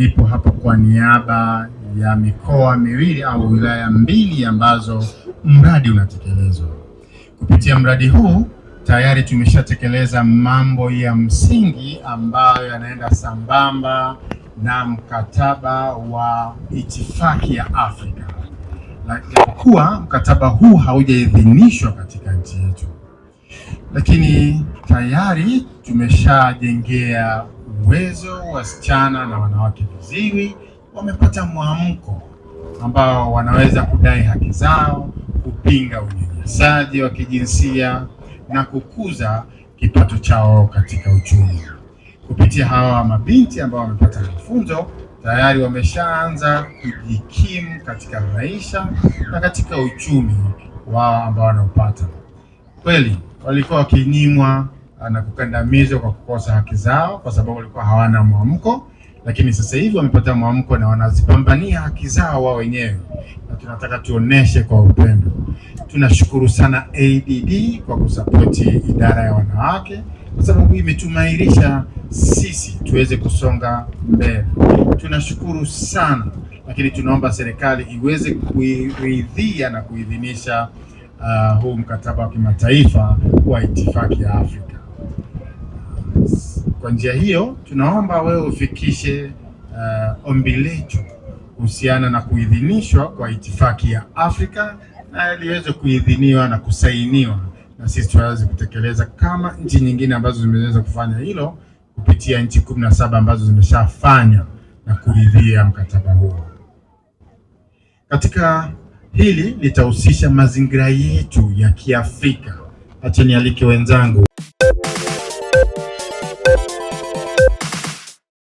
nipo hapa kwa niaba ya mikoa miwili au wilaya mbili ambazo mradi unatekelezwa. Kupitia mradi huu tayari tumeshatekeleza mambo ya msingi ambayo yanaenda sambamba na mkataba wa itifaki ya Afrika, lakini kuwa mkataba huu haujaidhinishwa katika nchi yetu, lakini tayari tumeshajengea uwezo, wasichana na wanawake viziwi wamepata mwamko ambao wanaweza kudai haki zao, kupinga unyanyasaji wa kijinsia na kukuza kipato chao katika uchumi. Kupitia hawa mabinti ambao wamepata mafunzo tayari wameshaanza kujikimu katika maisha na katika uchumi wao ambao wanaopata. Kweli walikuwa wakinyimwa na kukandamizwa kwa kukosa haki zao, kwa sababu walikuwa hawana mwamko, lakini sasa hivi wamepata mwamko na wanazipambania haki zao wao wenyewe, na tunataka tuoneshe kwa upendo. Tunashukuru sana ADD kwa kusapoti idara ya wanawake, kwa sababu imetumairisha sisi tuweze kusonga mbele. Tunashukuru sana, lakini tunaomba serikali iweze kuridhia na kuidhinisha uh, huu mkataba wa kimataifa wa itifaki ya Afrika. Kwa njia hiyo, tunaomba wewe ufikishe uh, ombi letu kuhusiana na kuidhinishwa kwa itifaki ya Afrika na iliweze kuidhiniwa na kusainiwa, na sisi tuweze kutekeleza kama nchi nyingine ambazo zimeweza kufanya hilo kupitia nchi kumi na saba ambazo zimeshafanya na kuridhia mkataba huo. Katika hili litahusisha mazingira yetu ya Kiafrika. Acha nialike wenzangu.